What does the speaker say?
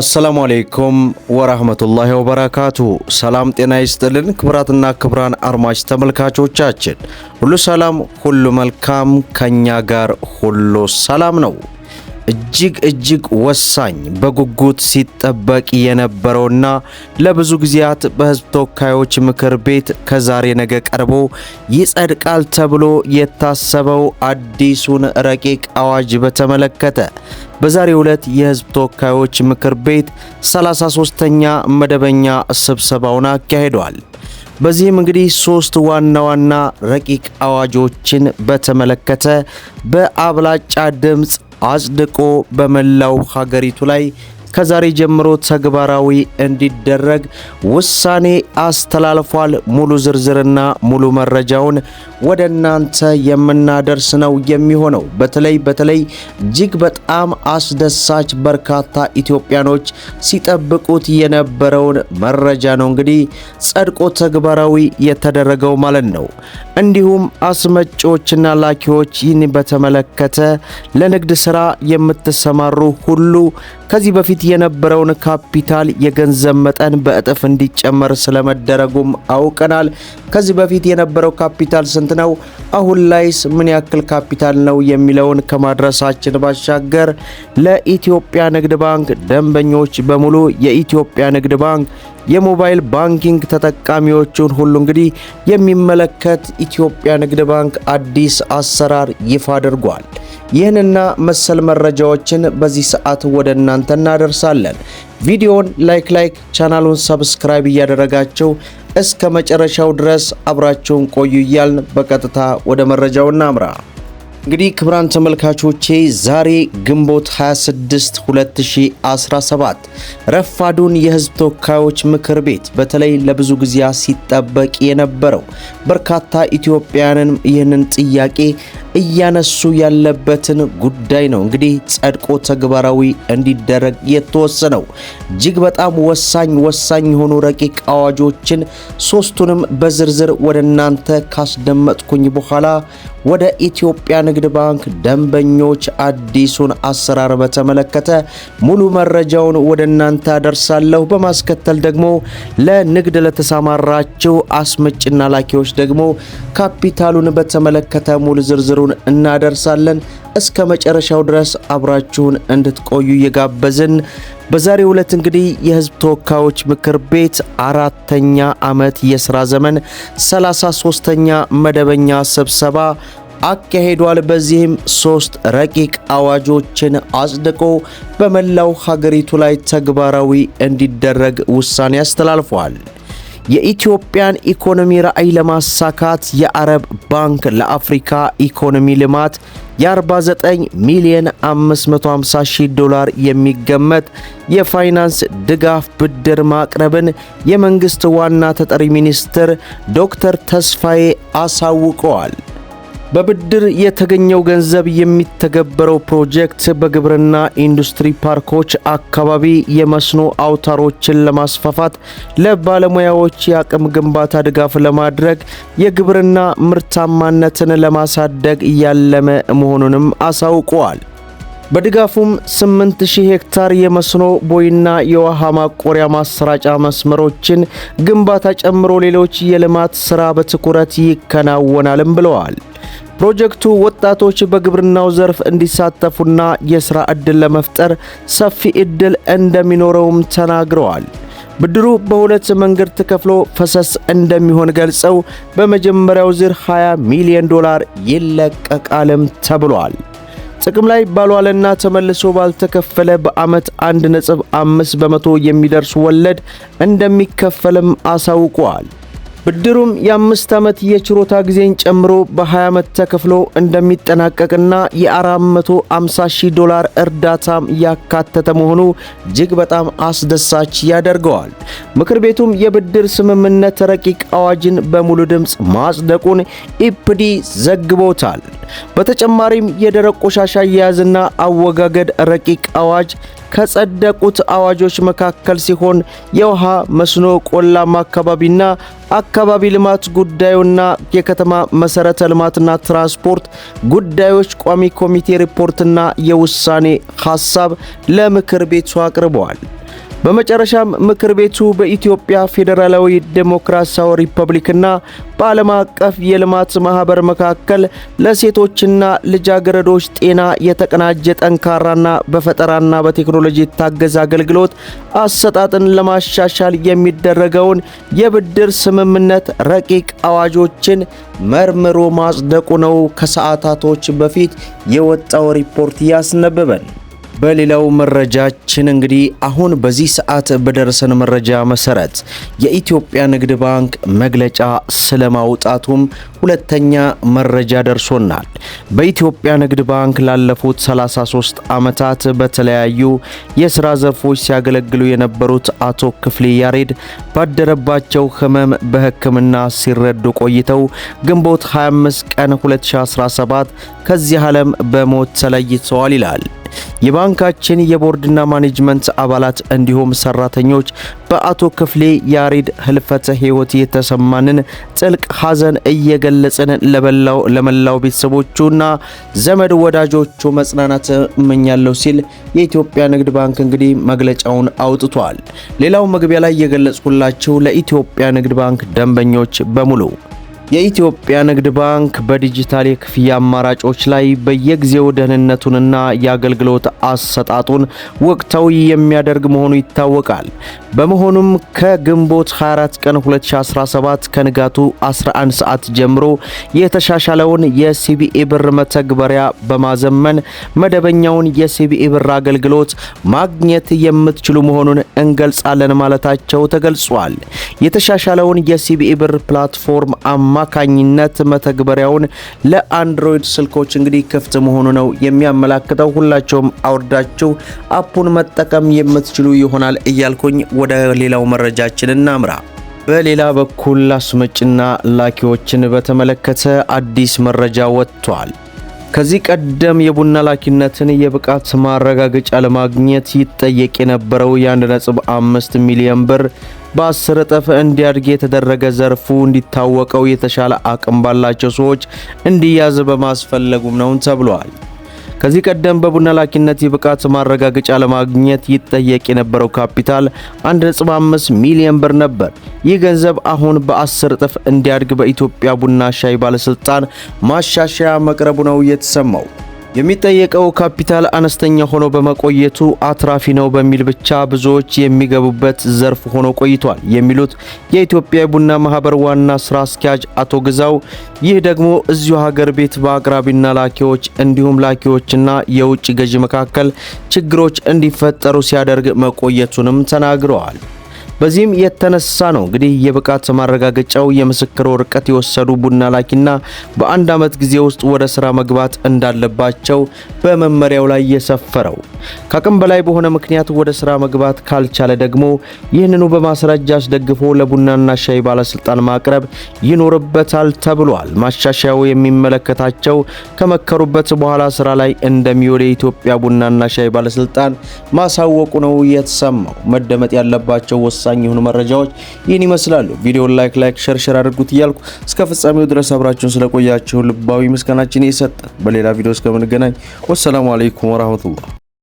አሰላሙ አሌይኩም ወራህመቱላሂ ወበረካቱ። ሰላም ጤና ይስጥልን። ክብራትና ክብራን አድማጭ ተመልካቾቻችን ሁሉ ሰላም፣ ሁሉ መልካም፣ ከኛ ጋር ሁሉ ሰላም ነው። እጅግ እጅግ ወሳኝ በጉጉት ሲጠበቅ የነበረውና ለብዙ ጊዜያት በሕዝብ ተወካዮች ምክር ቤት ከዛሬ ነገ ቀርቦ ይጸድቃል ተብሎ የታሰበው አዲሱን ረቂቅ አዋጅ በተመለከተ በዛሬ ዕለት የሕዝብ ተወካዮች ምክር ቤት 33ኛ መደበኛ ስብሰባውን አካሂዷል። በዚህም እንግዲህ ሶስት ዋና ዋና ረቂቅ አዋጆችን በተመለከተ በአብላጫ ድምፅ አጽድቆ በመላው ሀገሪቱ ላይ ከዛሬ ጀምሮ ተግባራዊ እንዲደረግ ውሳኔ አስተላልፏል። ሙሉ ዝርዝርና ሙሉ መረጃውን ወደ እናንተ የምናደርስ ነው የሚሆነው። በተለይ በተለይ እጅግ በጣም አስደሳች በርካታ ኢትዮጵያኖች ሲጠብቁት የነበረውን መረጃ ነው እንግዲህ ጸድቆ ተግባራዊ የተደረገው ማለት ነው። እንዲሁም አስመጪዎችና ላኪዎች ይህን በተመለከተ ለንግድ ስራ የምትሰማሩ ሁሉ ከዚህ በፊት በፊት የነበረውን ካፒታል የገንዘብ መጠን በእጥፍ እንዲጨመር ስለመደረጉም አውቀናል። ከዚህ በፊት የነበረው ካፒታል ስንት ነው? አሁን ላይስ ምን ያክል ካፒታል ነው የሚለውን ከማድረሳችን ባሻገር ለኢትዮጵያ ንግድ ባንክ ደንበኞች በሙሉ የኢትዮጵያ ንግድ ባንክ የሞባይል ባንኪንግ ተጠቃሚዎቹን ሁሉ እንግዲህ የሚመለከት ኢትዮጵያ ንግድ ባንክ አዲስ አሰራር ይፋ አድርጓል። ይህንና መሰል መረጃዎችን በዚህ ሰዓት ወደ እናንተ እናደርሳለን። ቪዲዮውን ላይክ ላይክ ቻናሉን ሰብስክራይብ እያደረጋችሁ እስከ መጨረሻው ድረስ አብራችሁን ቆዩ እያልን በቀጥታ ወደ መረጃው እናምራ። እንግዲህ ክብራን ተመልካቾቼ ዛሬ ግንቦት 26 2017 ረፋዱን የህዝብ ተወካዮች ምክር ቤት በተለይ ለብዙ ጊዜያ ሲጠበቅ የነበረው በርካታ ኢትዮጵያውያንን ይህንን ጥያቄ እያነሱ ያለበትን ጉዳይ ነው እንግዲህ ጸድቆ ተግባራዊ እንዲደረግ የተወሰነው። እጅግ በጣም ወሳኝ ወሳኝ የሆኑ ረቂቅ አዋጆችን ሶስቱንም በዝርዝር ወደ እናንተ ካስደመጥኩኝ በኋላ ወደ ኢትዮጵያ ንግድ ባንክ ደንበኞች አዲሱን አሰራር በተመለከተ ሙሉ መረጃውን ወደ እናንተ አደርሳለሁ። በማስከተል ደግሞ ለንግድ ለተሰማራችሁ አስመጭና ላኪዎች ደግሞ ካፒታሉን በተመለከተ ሙሉ ዝርዝር ነገሩን እናደርሳለን። እስከ መጨረሻው ድረስ አብራችሁን እንድትቆዩ እየጋበዝን በዛሬው ዕለት እንግዲህ የህዝብ ተወካዮች ምክር ቤት አራተኛ ዓመት የሥራ ዘመን 33ኛ መደበኛ ስብሰባ አካሄዷል። በዚህም ሶስት ረቂቅ አዋጆችን አጽድቆ በመላው ሀገሪቱ ላይ ተግባራዊ እንዲደረግ ውሳኔ አስተላልፏል። የኢትዮጵያን ኢኮኖሚ ራዕይ ለማሳካት የአረብ ባንክ ለአፍሪካ ኢኮኖሚ ልማት የ49 ሚሊዮን 550 ሺህ ዶላር የሚገመት የፋይናንስ ድጋፍ ብድር ማቅረብን የመንግሥት ዋና ተጠሪ ሚኒስትር ዶክተር ተስፋዬ አሳውቀዋል። በብድር የተገኘው ገንዘብ የሚተገበረው ፕሮጀክት በግብርና ኢንዱስትሪ ፓርኮች አካባቢ የመስኖ አውታሮችን ለማስፋፋት፣ ለባለሙያዎች የአቅም ግንባታ ድጋፍ ለማድረግ፣ የግብርና ምርታማነትን ለማሳደግ ያለመ መሆኑንም አሳውቀዋል። በድጋፉም 8000 ሄክታር የመስኖ ቦይና የውሃ ማቆሪያ ማሰራጫ መስመሮችን ግንባታ ጨምሮ ሌሎች የልማት ሥራ በትኩረት ይከናወናልም ብለዋል። ፕሮጀክቱ ወጣቶች በግብርናው ዘርፍ እንዲሳተፉና የሥራ ዕድል ለመፍጠር ሰፊ ዕድል እንደሚኖረውም ተናግረዋል። ብድሩ በሁለት መንገድ ተከፍሎ ፈሰስ እንደሚሆን ገልጸው በመጀመሪያው ዝር 20 ሚሊዮን ዶላር ይለቀቃልም ተብሏል። ጥቅም ላይ ባልዋለና ተመልሶ ባልተከፈለ በዓመት 1.5 በመቶ የሚደርስ ወለድ እንደሚከፈልም አሳውቋል። ብድሩም የአምስት ዓመት የችሮታ ጊዜን ጨምሮ በ20 ዓመት ተከፍሎ እንደሚጠናቀቅና የ450 ሺህ ዶላር እርዳታም ያካተተ መሆኑ እጅግ በጣም አስደሳች ያደርገዋል። ምክር ቤቱም የብድር ስምምነት ረቂቅ አዋጅን በሙሉ ድምፅ ማጽደቁን ኢፕዲ ዘግቦታል። በተጨማሪም የደረቅ ቆሻሻ አያያዝና አወጋገድ ረቂቅ አዋጅ ከጸደቁት አዋጆች መካከል ሲሆን የውሃ መስኖ፣ ቆላማ አካባቢና አካባቢ ልማት ጉዳዩና የከተማ መሰረተ ልማትና ትራንስፖርት ጉዳዮች ቋሚ ኮሚቴ ሪፖርትና የውሳኔ ሐሳብ ለምክር ቤቱ አቅርበዋል። በመጨረሻም ምክር ቤቱ በኢትዮጵያ ፌዴራላዊ ዴሞክራሲያዊ ሪፐብሊክና በዓለም አቀፍ የልማት ማህበር መካከል ለሴቶችና ልጃገረዶች ጤና የተቀናጀ ጠንካራና በፈጠራና በቴክኖሎጂ የታገዘ አገልግሎት አሰጣጥን ለማሻሻል የሚደረገውን የብድር ስምምነት ረቂቅ አዋጆችን መርምሮ ማጽደቁ ነው ከሰዓታቶች በፊት የወጣው ሪፖርት ያስነብበን። በሌላው መረጃችን እንግዲህ አሁን በዚህ ሰዓት በደረሰን መረጃ መሰረት የኢትዮጵያ ንግድ ባንክ መግለጫ ስለማውጣቱም ሁለተኛ መረጃ ደርሶናል። በኢትዮጵያ ንግድ ባንክ ላለፉት 33 ዓመታት በተለያዩ የሥራ ዘርፎች ሲያገለግሉ የነበሩት አቶ ክፍሌ ያሬድ ባደረባቸው ሕመም በሕክምና ሲረዱ ቆይተው ግንቦት 25 ቀን 2017 ከዚህ ዓለም በሞት ተለይተዋል ይላል። የባንካችን የቦርድና ማኔጅመንት አባላት እንዲሁም ሰራተኞች በአቶ ክፍሌ ያሬድ ህልፈተ ህይወት የተሰማንን ጥልቅ ሐዘን እየገለጽን ለበላው ለመላው ቤተሰቦቹና ዘመድ ወዳጆቹ መጽናናት እመኛለሁ ሲል የኢትዮጵያ ንግድ ባንክ እንግዲህ መግለጫውን አውጥቷል። ሌላው መግቢያ ላይ የገለጽኩላችሁ ለኢትዮጵያ ንግድ ባንክ ደንበኞች በሙሉ የኢትዮጵያ ንግድ ባንክ በዲጂታል የክፍያ አማራጮች ላይ በየጊዜው ደህንነቱንና የአገልግሎት አሰጣጡን ወቅታዊ የሚያደርግ መሆኑ ይታወቃል። በመሆኑም ከግንቦት 24 ቀን 2017 ከንጋቱ 11 ሰዓት ጀምሮ የተሻሻለውን የሲቢኢ ብር መተግበሪያ በማዘመን መደበኛውን የሲቢኢ ብር አገልግሎት ማግኘት የምትችሉ መሆኑን እንገልጻለን ማለታቸው ተገልጿል። የተሻሻለውን የሲቢኢ ብር ፕላትፎርም አማ አማካኝነት መተግበሪያውን ለአንድሮይድ ስልኮች እንግዲህ ክፍት መሆኑ ነው የሚያመላክተው። ሁላቸውም አውርዳችሁ አፑን መጠቀም የምትችሉ ይሆናል እያልኩኝ ወደ ሌላው መረጃችን እናምራ። በሌላ በኩል አስመጭና ላኪዎችን በተመለከተ አዲስ መረጃ ወጥቷል። ከዚህ ቀደም የቡና ላኪነትን የብቃት ማረጋገጫ ለማግኘት ይጠየቅ የነበረው የ1.5 ሚሊዮን ብር በአስር እጥፍ እንዲያድግ የተደረገ ዘርፉ እንዲታወቀው የተሻለ አቅም ባላቸው ሰዎች እንዲያዝ በማስፈለጉም ነው ተብሏል። ከዚህ ቀደም በቡና ላኪነት የብቃት ማረጋገጫ ለማግኘት ይጠየቅ የነበረው ካፒታል 1.5 ሚሊዮን ብር ነበር። ይህ ገንዘብ አሁን በ10 እጥፍ እንዲያድግ በኢትዮጵያ ቡና ሻይ ባለስልጣን ማሻሻያ መቅረቡ ነው የተሰማው። የሚጠየቀው ካፒታል አነስተኛ ሆኖ በመቆየቱ አትራፊ ነው በሚል ብቻ ብዙዎች የሚገቡበት ዘርፍ ሆኖ ቆይቷል የሚሉት የኢትዮጵያ ቡና ማህበር ዋና ስራ አስኪያጅ አቶ ግዛው፣ ይህ ደግሞ እዚሁ ሀገር ቤት በአቅራቢና ላኪዎች እንዲሁም ላኪዎችና የውጭ ገዢ መካከል ችግሮች እንዲፈጠሩ ሲያደርግ መቆየቱንም ተናግረዋል። በዚህም የተነሳ ነው እንግዲህ የብቃት ማረጋገጫው የምስክር ወረቀት የወሰዱ ቡና ላኪና በአንድ ዓመት ጊዜ ውስጥ ወደ ስራ መግባት እንዳለባቸው በመመሪያው ላይ የሰፈረው። ከአቅም በላይ በሆነ ምክንያት ወደ ስራ መግባት ካልቻለ ደግሞ ይህንኑ በማስረጃ አስደግፎ ለቡናና ሻይ ባለስልጣን ማቅረብ ይኖርበታል ተብሏል። ማሻሻያው የሚመለከታቸው ከመከሩበት በኋላ ስራ ላይ እንደሚውል የኢትዮጵያ ቡናና ሻይ ባለስልጣን ማሳወቁ ነው የተሰማው። መደመጥ ያለባቸው ወሳኝ ወሳኝ የሆኑ መረጃዎች ይህን ይመስላሉ። ቪዲዮን ላይክ ላይክ ሸርሸር አድርጉት እያልኩ እስከ ፍጻሜው ድረስ አብራችሁን ስለቆያችሁ ልባዊ ምስጋናችን ይሰጣል። በሌላ ቪዲዮ እስከምንገናኝ ወሰላሙ አለይኩም ወራህመቱላህ